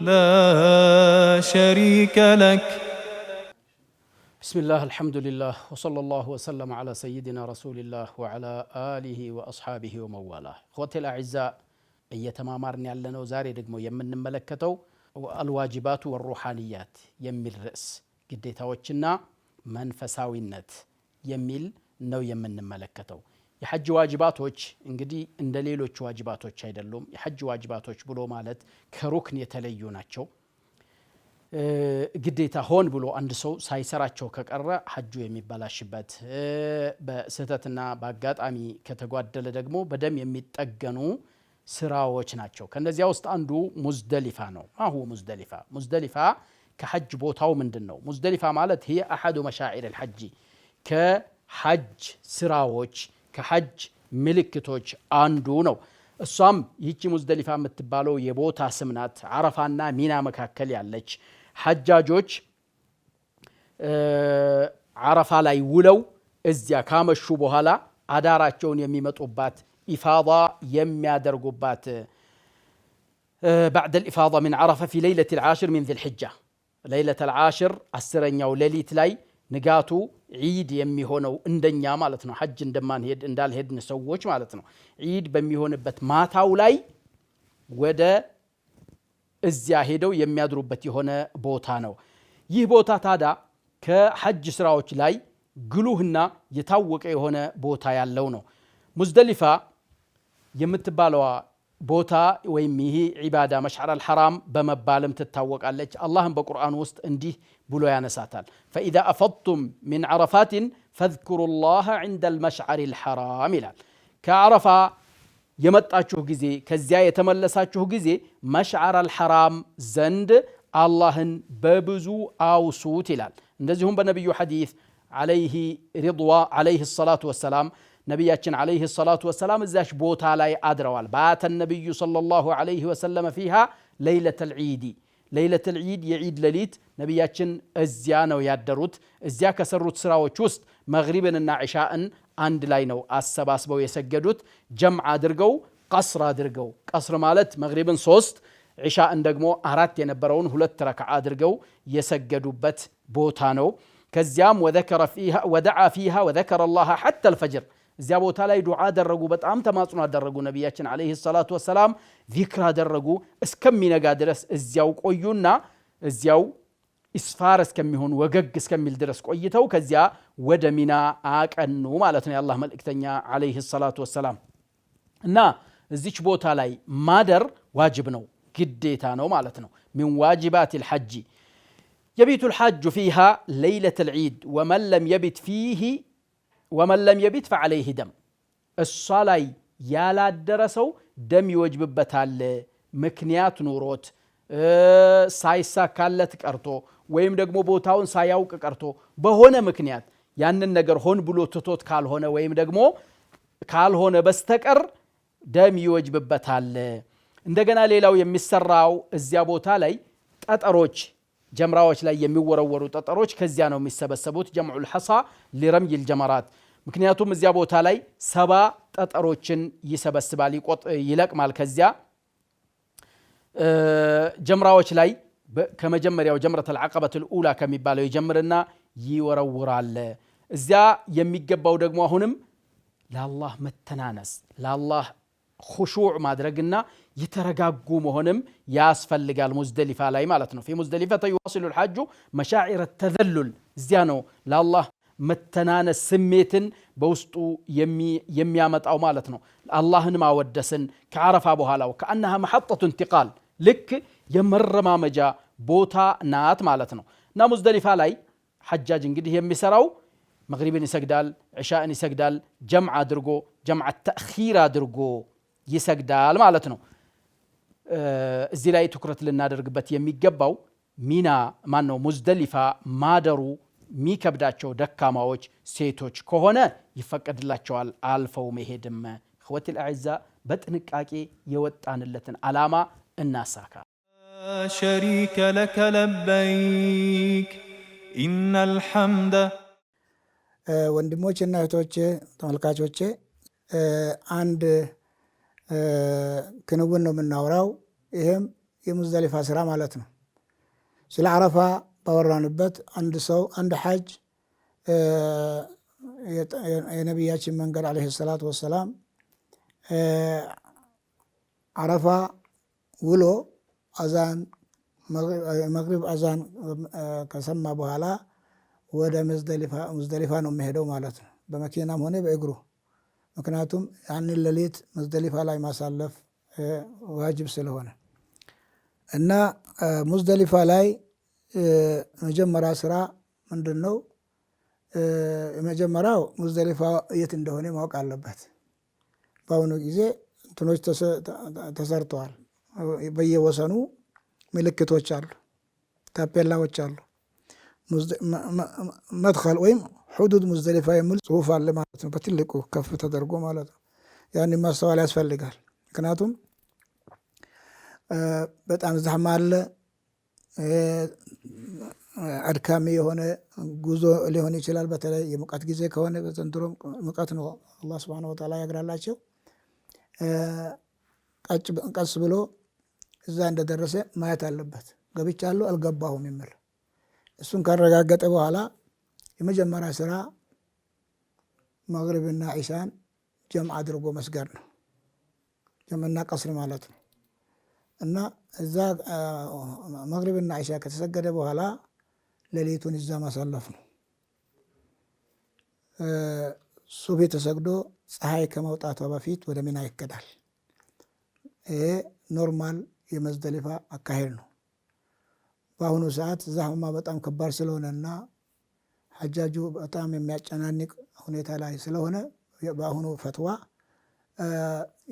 لا شريك لك بسم الله الحمد لله وصلى الله وسلم على سيدنا رسول الله وعلى آله وأصحابه ومواله أخوتي الأعزاء أيتما مارن يعلنو زاري رقمو يمن ملكته الواجبات والروحانيات يمي الرأس قد يتوجنا منفساوي النت يمي نو يمن ملكته የሐጅ ዋጅባቶች እንግዲህ እንደ ሌሎች ዋጅባቶች አይደሉም። የሐጅ ዋጅባቶች ብሎ ማለት ከሩክን የተለዩ ናቸው። ግዴታ ሆን ብሎ አንድ ሰው ሳይሰራቸው ከቀረ ሐጁ የሚበላሽበት፣ በስህተትና በአጋጣሚ ከተጓደለ ደግሞ በደም የሚጠገኑ ስራዎች ናቸው። ከነዚያ ውስጥ አንዱ ሙዝደሊፋ ነው። ማሁ ሙዝደሊፋ ሙዝደሊፋ ከሐጅ ቦታው ምንድን ነው? ሙዝደሊፋ ማለት ይህ አሐዱ መሻዒር ልሐጂ ከሐጅ ስራዎች ከሐጅ ምልክቶች አንዱ ነው። እሷም ይህቺ ሙዝደሊፋ የምትባለው የቦታ ስም ናት። አረፋና ሚና መካከል ያለች ሐጃጆች አረፋ ላይ ውለው እዚያ ካመሹ በኋላ አዳራቸውን የሚመጡባት ኢፋዳ የሚያደርጉባት ባዕደል ኢፋዳ ምን አረፋ ፊ ለይለት ልዓሽር ምን ዚልሕጃ ለይለት ልዓሽር አስረኛው ሌሊት ላይ ንጋቱ ዒድ የሚሆነው እንደኛ ማለት ነው። ሐጅ እንደማንሄድ እንዳልሄድን ሰዎች ማለት ነው። ዒድ በሚሆንበት ማታው ላይ ወደ እዚያ ሄደው የሚያድሩበት የሆነ ቦታ ነው። ይህ ቦታ ታዳ ከሐጅ ስራዎች ላይ ግሉህና የታወቀ የሆነ ቦታ ያለው ነው። ሙዝደሊፋ የምትባለዋ ቦታ ወይም ይህ ዒባዳ መሽዓር አልሐራም በመባልም ትታወቃለች። አላህም በቁርአን ውስጥ እንዲህ ብሎ ያነሳታል። ፈኢዛ አፈድቱም ሚን ዓረፋትን ፈዝኩሩ ላህ ዒንደ ልመሽዓር ልሐራም ይላል። ከዓረፋ የመጣችሁ ጊዜ ከዚያ የተመለሳችሁ ጊዜ መሽዓር አልሐራም ዘንድ አላህን በብዙ አውሱት ይላል። እንደዚሁም በነቢዩ ሐዲስ ዓለይህ ሪድዋ ዓለይህ ሰላቱ ወሰላም ነቢያችን ዓለይህ ሰላቱ ወሰላም እዚያች ቦታ ላይ አድረዋል። ባተ ነቢዩ ሰለላሁ ዓለይህ ወሰለመ ፊሃ ለይለት ልዒዲ ለይለት ልዒድ የዒድ ሌሊት ነቢያችን እዚያ ነው ያደሩት። እዚያ ከሰሩት ስራዎች ውስጥ መግሪብንና ዕሻእን አንድ ላይ ነው አሰባስበው የሰገዱት። ጀምዕ አድርገው ቀስር አድርገው ቀስር ማለት መግሪብን ሶስት ዕሻእን ደግሞ አራት የነበረውን ሁለት ረክዓ አድርገው የሰገዱበት ቦታ ነው። ከዚያም ወደዓ ፊሃ ወዘከረ ላሃ ሐተ አልፈጅር እዚያ ቦታ ላይ ዱዓ አደረጉ። በጣም ተማጽኖ አደረጉ። ነቢያችን ዓለይሂ ሰላቱ ወሰላም ዚክር አደረጉ። እስከሚነጋ ድረስ እዚያው ቆዩና እዚያው ኢስፋር እስከሚሆን ወገግ እስከሚል ድረስ ቆይተው ከዚያ ወደ ሚና አቀኑ ማለት ነው የአላህ መልእክተኛ ዓለይሂ ሰላቱ ወሰላም። እና እዚች ቦታ ላይ ማደር ዋጅብ ነው፣ ግዴታ ነው ማለት ነው። ሚን ዋጅባት ልሐጂ የቢቱ ልሐጁ ፊሃ ለይለት ልዒድ ወመን ለም የቢት ፊህ ወመለም የቢት ፈዐለይህ ደም እሷ ላይ ያላደረ ሰው ደም ይወጅብበታል። ምክንያት ኑሮት ሳይሳካለት ቀርቶ ወይም ደግሞ ቦታውን ሳያውቅ ቀርቶ በሆነ ምክንያት ያንን ነገር ሆን ብሎ ትቶት ካልሆነ ወይም ደግሞ ካልሆነ በስተቀር ደም ይወጅብበታል። እንደገና ሌላው የሚሰራው እዚያ ቦታ ላይ ጠጠሮች ጀምራዎች ላይ የሚወረወሩ ጠጠሮች ከዚያ ነው የሚሰበሰቡት። ጀምዑል ሐሳ ሊረምይል ጀመራት። ምክንያቱም እዚያ ቦታ ላይ ሰባ ጠጠሮችን ይሰበስባል፣ ይለቅማል። ከዚያ ጀምራዎች ላይ ከመጀመሪያው ጀምረተል ዐቀበተል ኡላ ከሚባለው ይጀምርና ይወረውራል። እዚያ የሚገባው ደግሞ አሁንም ለአላህ መተናነስ ለአላህ ሁሹዕ ማድረግና የተረጋጉ መሆንም ያስፈልጋል። ሙዝደሊፋ ላይ ማለት ነው። ፊ ሙዝደሊፋ ተዩዋሲሉ ልሓጁ መሻዒረ ተዘሉል እዚያ ነው ለአላህ መተናነስ ስሜትን በውስጡ የሚያመጣው ማለት ነው። አላህን ማወደስን ከአረፋ በኋላው ከአናሃ መሐጠቱ እንቲቃል ልክ የመረማመጃ ቦታ ናት ማለት ነው። እና ሙዝደሊፋ ላይ ሐጃጅ እንግዲህ የሚሰራው መግሪብን ይሰግዳል፣ ዕሻእን ይሰግዳል፣ ጀምዓ አድርጎ ጀምዓ ተእኺር አድርጎ ይሰግዳል ማለት ነው። እዚህ ላይ ትኩረት ልናደርግበት የሚገባው ሚና ማን ነው ሙዝደሊፋ ማደሩ የሚከብዳቸው ደካማዎች ሴቶች ከሆነ ይፈቀድላቸዋል አልፈው መሄድም። እህወት ልአዕዛ በጥንቃቄ የወጣንለትን ዓላማ እናሳካ። ሸሪከ ለከ ለበይክ ኢነ ልሐምደ ወንድሞቼና እህቶቼ ተመልካቾቼ አንድ ክንውን ነው የምናወራው። ይህም የሙዝደሊፋ ስራ ማለት ነው። ስለ አረፋ ባወራንበት አንድ ሰው አንድ ሐጅ የነቢያችን መንገድ ዓለይሂ ሰላቱ ወሰላም አረፋ ውሎ አዛን መግሪብ አዛን ከሰማ በኋላ ወደ ሙዝደሊፋ ነው የሚሄደው ማለት ነው። በመኪናም ሆነ በእግሩ ምክንያቱም ያንን ሌሊት ሙዝደሊፋ ላይ ማሳለፍ ዋጅብ ስለሆነ እና ሙዝደሊፋ ላይ መጀመሪያ ስራ ምንድን ነው? የመጀመሪያው ሙዝደሊፋ የት እንደሆነ ማወቅ አለበት። በአሁኑ ጊዜ እንትኖች ተሰርተዋል። በየወሰኑ ምልክቶች አሉ፣ ታፔላዎች አሉ። መድኸል ወይም ሑዱድ ሙዝደሊፋ የሚል ጽሁፍ አለ ማለት ነው። በትልቁ ከፍ ተደርጎ ማለት ነው። ያን ማስተዋል ያስፈልጋል። ምክንያቱም በጣም ዛህማ አለ፣ አድካሚ የሆነ ጉዞ ሊሆን ይችላል። በተለይ የሙቀት ጊዜ ከሆነ በዘንድሮ ሙቀት ነው፣ አላህ ሱብሓነሁ ወተዓላ ያግራላቸው። ቀስ ብሎ እዛ እንደደረሰ ማየት አለበት። ገብቻለሁ አልገባሁም የሚል እሱን ካረጋገጠ በኋላ የመጀመሪያ ስራ መግሪብና ዒሻን ጀም አድርጎ መስገድ ነው። ጀምና ቀስር ማለት ነው። እና እዛ መግሪብና ዒሻ ከተሰገደ በኋላ ሌሊቱን እዛ ማሳለፍ ነው። ሱብ ተሰግዶ ፀሐይ ከመውጣቷ በፊት ወደ ሚና ይከዳል። ይሄ ኖርማል የመዝደሊፋ አካሄድ ነው። በአሁኑ ሰዓት ዛህማ በጣም ከባድ ስለሆነና ሀጃጁ በጣም የሚያጨናንቅ ሁኔታ ላይ ስለሆነ በአሁኑ ፈትዋ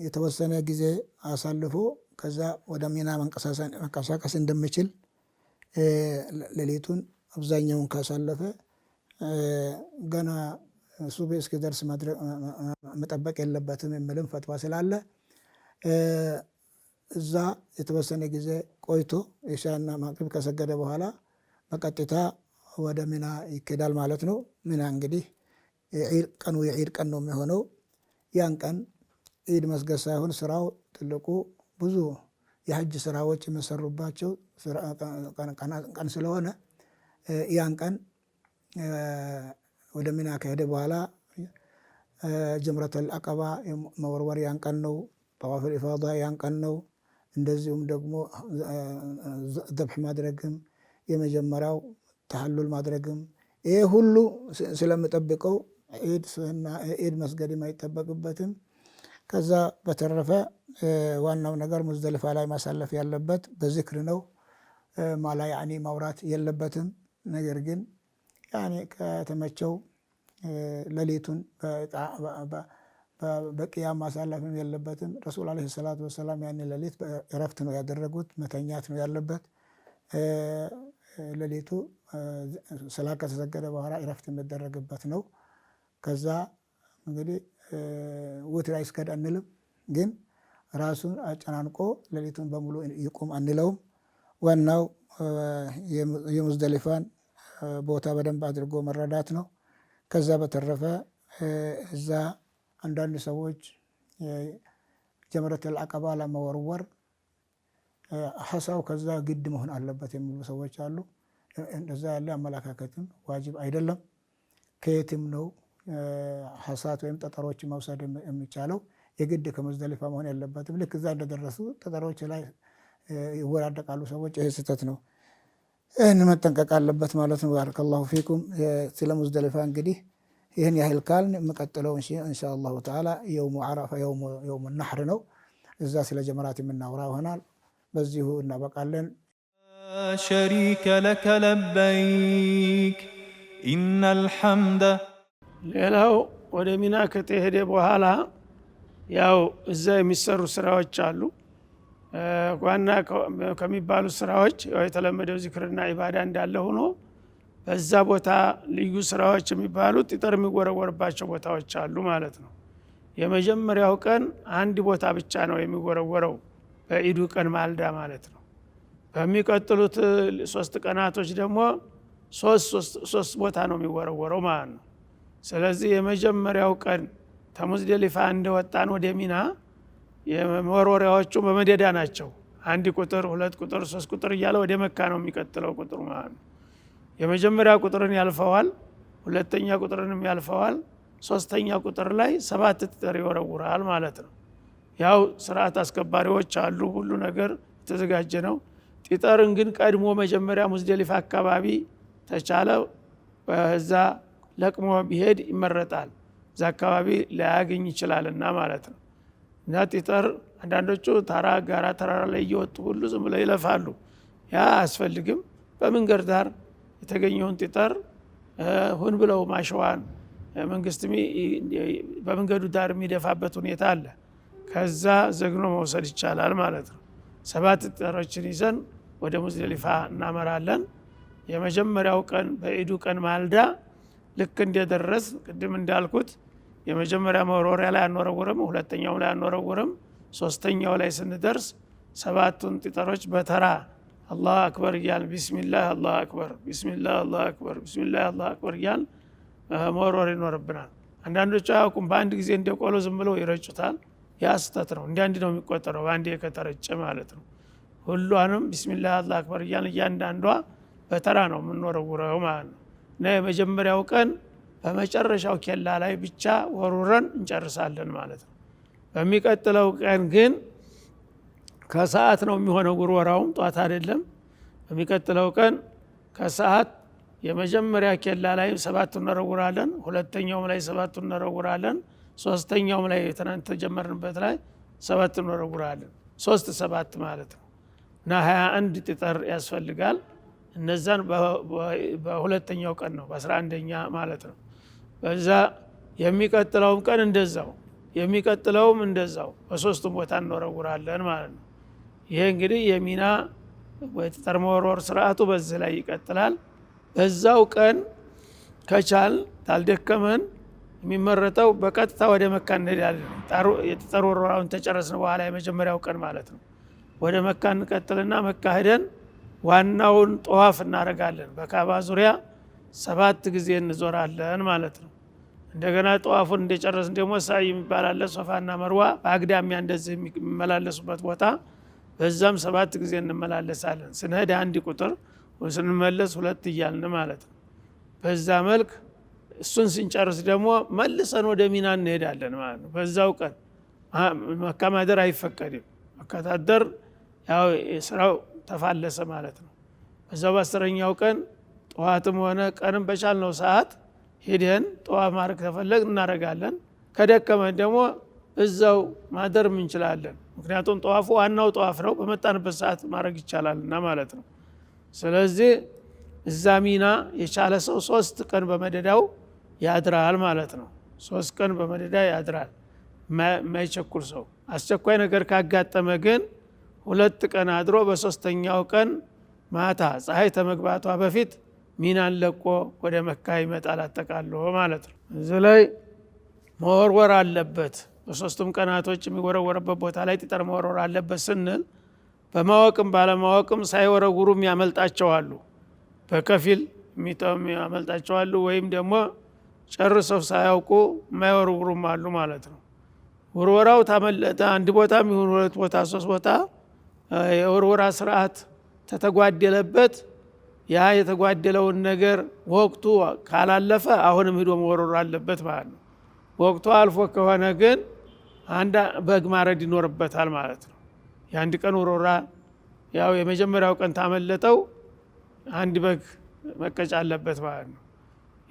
የተወሰነ ጊዜ አሳልፎ ከዛ ወደ ሚና መንቀሳቀስ እንደሚችል ሌሊቱን አብዛኛውን ካሳለፈ ገና ሱቤ እስኪደርስ መጠበቅ የለበትም የሚልም ፈትዋ ስላለ እዛ የተወሰነ ጊዜ ቆይቶ ኢሻና ማቅሪብ ከሰገደ በኋላ በቀጥታ ወደ ሚና ይኬዳል ማለት ነው። ሚና እንግዲህ የዒድ ቀኑ የዒድ ቀን ነው የሚሆነው። ያን ቀን ዒድ መስገድ ሳይሆን ስራው ትልቁ ብዙ የሐጅ ስራዎች የሚሰሩባቸው ቀን ስለሆነ ያን ቀን ወደ ሚና ከሄደ በኋላ ጀምረተል አቀባ መወርወር ያን ቀን ነው። ጠዋፉል ኢፋዳ ያን ቀን ነው። እንደዚሁም ደግሞ ዘብሕ ማድረግም የመጀመሪያው ተሃሉል ማድረግም ይህ ሁሉ ስለምጠብቀው ዒድ ዒድ መስገድ አይጠበቅበትም። ከዛ በተረፈ ዋናው ነገር ሙዝደልፋ ላይ ማሳለፍ ያለበት በዝክር ነው። ማላ ማውራት የለበትም። ነገር ግን ያኔ ከተመቸው ሌሊቱን በቅያም ማሳለፍም የለበትም። ረሱል ዓለይሂ ሰላቱ ወሰላም ያኔ ሌሊት እረፍት ነው ያደረጉት፣ መተኛት ነው ያለበት። ሌሊቱ ስላ ከተሰገደ በኋላ እረፍት የሚደረግበት ነው። ከዛ እንግዲህ ውትር አይስገድ አንልም፣ ግን ራሱን አጨናንቆ ሌሊቱን በሙሉ ይቁም አንለውም። ዋናው የሙዝደሊፋን ቦታ በደንብ አድርጎ መረዳት ነው። ከዛ በተረፈ እዛ አንዳንድ ሰዎች ጀመረተል አቀባ ለመወርወር ሀሳው ከዛ ግድ መሆን አለበት የሚሉ ሰዎች አሉ። እንደዛ ያለ አመለካከትም ዋጅብ አይደለም። ከየትም ነው ሀሳት ወይም ጠጠሮች መውሰድ የሚቻለው የግድ ከሙዝደሊፋ መሆን ያለበትም። ልክ እዛ እንደደረሱ ጠጠሮች ላይ ይወዳደቃሉ ሰዎች። ይህ ስህተት ነው። ይህን መጠንቀቅ አለበት ማለት ነው። ላሁ ፊኩም። ስለ ሙዝደልፋ እንግዲህ ይህን ያህል ካልን የምቀጥለው እንሻ አላሁ ተዓላ የውሙ ዓረፋ የውሙ ናሕር ነው። እዛ ስለ ጀመራት የምናወራ ይሆናል። በዚሁ እናበቃለን። ሸሪከ ለከ ለበይክ ኢነል ሐምደ። ሌላው ወደ ሚና ከተሄደ በኋላ ያው እዛ የሚሰሩ ስራዎች አሉ። ዋና ከሚባሉ ስራዎች የተለመደው ዚክርና ኢባዳ እንዳለ ሆኖ በዛ ቦታ ልዩ ስራዎች የሚባሉት ጠጠር የሚወረወርባቸው ቦታዎች አሉ ማለት ነው። የመጀመሪያው ቀን አንድ ቦታ ብቻ ነው የሚወረወረው። በኢዱ ቀን ማልዳ ማለት ነው። በሚቀጥሉት ሶስት ቀናቶች ደግሞ ሶስት ቦታ ነው የሚወረወረው ማለት ነው። ስለዚህ የመጀመሪያው ቀን ተሙዝ ተሙዝደሊፋ እንደወጣን ወደ ሚና የመወርወሪያዎቹ በመደዳ ናቸው። አንድ ቁጥር፣ ሁለት ቁጥር፣ ሶስት ቁጥር እያለ ወደ መካ ነው የሚቀጥለው ቁጥሩ ማለት ነው። የመጀመሪያ ቁጥርን ያልፈዋል፣ ሁለተኛ ቁጥርንም ያልፈዋል፣ ሶስተኛ ቁጥር ላይ ሰባት ጠር ይወረውራል ማለት ነው። ያው ስርዓት አስከባሪዎች አሉ፣ ሁሉ ነገር የተዘጋጀ ነው። ጢጠርን ግን ቀድሞ መጀመሪያ ሙዝደሊፋ አካባቢ ተቻለ እዛ ለቅሞ ቢሄድ ይመረጣል። እዛ አካባቢ ላያገኝ ይችላልና ማለት ነው። እና ጢጠር አንዳንዶቹ ታራ ጋራ ተራራ ላይ እየወጡ ሁሉ ዝም ብለው ይለፋሉ። ያ አያስፈልግም። በመንገድ ዳር የተገኘውን ጢጠር ሁን ብለው ማሸዋን መንግስት በመንገዱ ዳር የሚደፋበት ሁኔታ አለ። ከዛ ዘግኖ መውሰድ ይቻላል ማለት ነው። ሰባት ጠሮችን ይዘን ወደ ሙዝደሊፋ እናመራለን። የመጀመሪያው ቀን በኢዱ ቀን ማልዳ ልክ እንደደረስ ቅድም እንዳልኩት የመጀመሪያ መወርወሪያ ላይ አንወረውርም፣ ሁለተኛው ላይ አንወረውርም። ሶስተኛው ላይ ስንደርስ ሰባቱን ጠሮች በተራ አላሁ አክበር እያል ቢስሚላህ አላሁ አክበር፣ ቢስሚላህ አላሁ አክበር፣ ቢስሚላህ አላሁ አክበር እያል መወርወር ይኖርብናል። አንዳንዶቹ አያውቁም። በአንድ ጊዜ እንደ ቆሎ ዝም ብለው ይረጩታል። ያ ስህተት ነው። እንዲ ነው የሚቆጠረው በአንድ ከተረጨ ማለት ነው። ሁሏንም ቢስሚላህ አላህ አክበር እያን እያንዳንዷ በተራ ነው የምንወረውረው ማለት ነው። እና የመጀመሪያው ቀን በመጨረሻው ኬላ ላይ ብቻ ወሩረን እንጨርሳለን ማለት ነው። በሚቀጥለው ቀን ግን ከሰዓት ነው የሚሆነው ጉርወራውም ጧት አይደለም። በሚቀጥለው ቀን ከሰዓት የመጀመሪያ ኬላ ላይ ሰባት እንረውራለን፣ ሁለተኛውም ላይ ሰባት እንረውራለን። ሶስተኛውም ላይ ትናንት ተጀመርንበት ላይ ሰባት እንወረውራለን። ሶስት ሰባት ማለት ነው እና ሀያ አንድ ጥጠር ያስፈልጋል። እነዛን በሁለተኛው ቀን ነው በአስራ አንደኛ ማለት ነው። በዛ የሚቀጥለውም ቀን እንደዛው የሚቀጥለውም እንደዛው በሶስቱም ቦታ እንወረውራለን ማለት ነው። ይሄ እንግዲህ የሚና ጠጠር መወርወር ስርዓቱ በዚህ ላይ ይቀጥላል። በዛው ቀን ከቻል ታልደከመን የሚመረጠው በቀጥታ ወደ መካ እንሄዳለን። የጠሩ ወረራውን ተጨረስን በኋላ የመጀመሪያው ቀን ማለት ነው። ወደ መካ እንቀጥልና መካ ሄደን ዋናውን ጠዋፍ እናደርጋለን። በካባ ዙሪያ ሰባት ጊዜ እንዞራለን ማለት ነው። እንደገና ጠዋፉን እንደጨረስን ደግሞ ሳይ የሚባላለ ሶፋና መርዋ በአግዳሚያ እንደዚህ የሚመላለሱበት ቦታ በዛም ሰባት ጊዜ እንመላለሳለን። ስንሄድ አንድ ቁጥር ስንመለስ ሁለት እያልን ማለት ነው። በዛ መልክ እሱን ስንጨርስ ደግሞ መልሰን ወደ ሚና እንሄዳለን ማለት ነው። በዛው ቀን መካ ማደር አይፈቀድም። መካታደር ያው ስራው ተፋለሰ ማለት ነው። በዛው በአስረኛው ቀን ጠዋትም ሆነ ቀንም በቻልነው ሰዓት ሄደን ጠዋት ማድረግ ተፈለግ እናደርጋለን። ከደከመን ደግሞ እዛው ማደር እንችላለን። ምክንያቱም ጠዋፉ ዋናው ጠዋፍ ነው። በመጣንበት ሰዓት ማድረግ ይቻላል ማለት ነው። ስለዚህ እዛ ሚና የቻለ ሰው ሶስት ቀን በመደዳው ያድራል ማለት ነው። ሶስት ቀን በመደዳ ያድራል ማይቸኩል ሰው። አስቸኳይ ነገር ካጋጠመ ግን ሁለት ቀን አድሮ በሶስተኛው ቀን ማታ ፀሐይ ከመግባቷ በፊት ሚናን ለቆ ወደ መካ ይመጣል አጠቃለሁ ማለት ነው። እዚህ ላይ መወርወር አለበት። በሶስቱም ቀናቶች የሚወረወረበት ቦታ ላይ ጠጠር መወርወር አለበት ስንል በማወቅም ባለማወቅም ሳይወረውሩም ያመልጣቸዋሉ። በከፊል የሚያመልጣቸው ያመልጣቸዋሉ ወይም ደግሞ ጨርሰው ሳያውቁ የማይወረውሩም አሉ ማለት ነው። ውርወራው ታመለጠ አንድ ቦታ የሚሆን ሁለት ቦታ ሶስት ቦታ የውርወራ ስርዓት ተተጓደለበት ያ የተጓደለውን ነገር ወቅቱ ካላለፈ አሁንም ሂዶ መወረሩ አለበት ማለት ነው። ወቅቱ አልፎ ከሆነ ግን አንድ በግ ማረድ ይኖርበታል ማለት ነው። የአንድ ቀን ውርወራ ያው የመጀመሪያው ቀን ታመለጠው አንድ በግ መቀጫ አለበት ማለት ነው።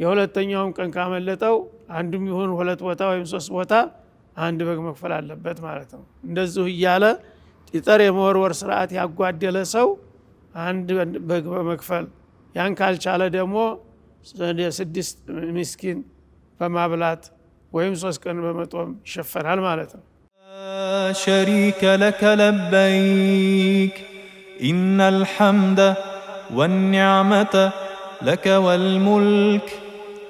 የሁለተኛውም ቀን ካመለጠው አንዱም ይሁን ሁለት ቦታ ወይም ሶስት ቦታ አንድ በግ መክፈል አለበት ማለት ነው። እንደዚሁ እያለ ጢጠር የመወርወር ስርዓት ያጓደለ ሰው አንድ በግ በመክፈል ያን ካልቻለ ደግሞ ስድስት ምስኪን በማብላት ወይም ሶስት ቀን በመጦም ይሸፈናል ማለት ነው። ሸሪከ ለከ ለበይክ ኢነል ሐምደ ወኒዕመተ ለከ ወልሙልክ